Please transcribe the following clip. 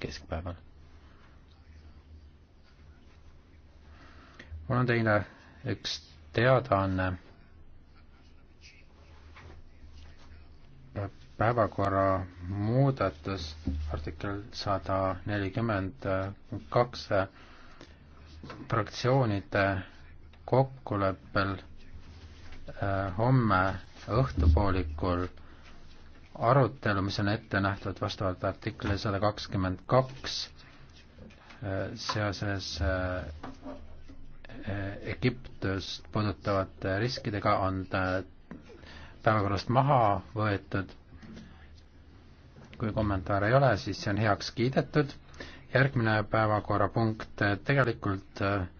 keskpäeval. mul on teile üks teadaanne päevakorra muudatus, artikkel sada nelikümmend kaks fraktsioonide kokkuleppel äh, homme õhtupoolikul arutelu, mis on ette nähtud vastavalt artikli sada kakskümmend kaks äh, seoses äh, äh, Egiptust puudutavate riskidega on päevakorrast maha võetud. kui kommentaare ei ole, siis see on heaks kiidetud. järgmine päevakorrapunkt tegelikult äh,